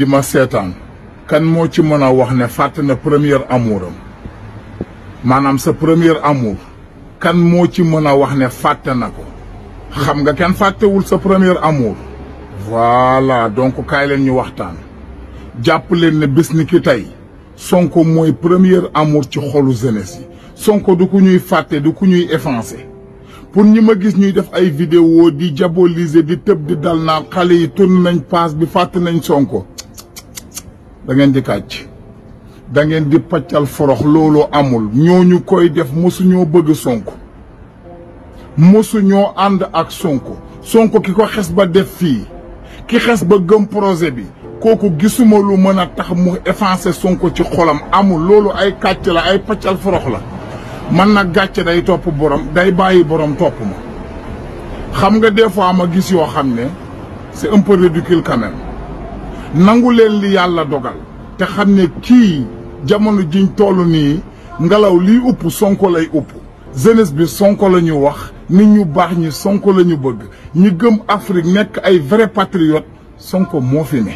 di ma seetaan kan moo ci mën a wax ne fàtte na premier amour am maanaam sa premier amour kan moo ci mën a wax ne fàtte na ko xam nga kenn fàttewul sa premier amour voilà donc kaay leen ñu waxtaan jàpp leen ne bis ni ki tey Sonko mooy premier amour ci xolu jeunesse yi Sonko du ku ñuy fàtte du ku ñuy effacé pour ñi ma gis ñuy def ay vidéo di diaboliser di tëb di dal naa xale yi tourné nañ paas bi fàtte nañ Sonko da ngeen di kàcc da ngeen di paccal forox loolu amul ñooñu koy def mosuñoo bëgg Sonko mosuñoo ànd ak Sonko Sonko ki ko xes ba def fii ki xes ba gëm projet bi kooku gisuma lu mën a tax mu effacer Sonko ci xolam amul loolu ay kàcc la ay paccal forox la man na gàcce day topp borom day bàyyi borom topp ma xam nga des fois ma gis yoo xam ne c'est un peu ridicule quand nangu leen li yàlla dogal te xam ne kii jamono jiñ toll nii ngelaw liy upp sonko lay upp jeunesse bi sonko la ñu wax nit ñu baax ñi sonko la ñu bëgg ñi gëm Afrique nekk ay vrai patriote sonko moo fi ne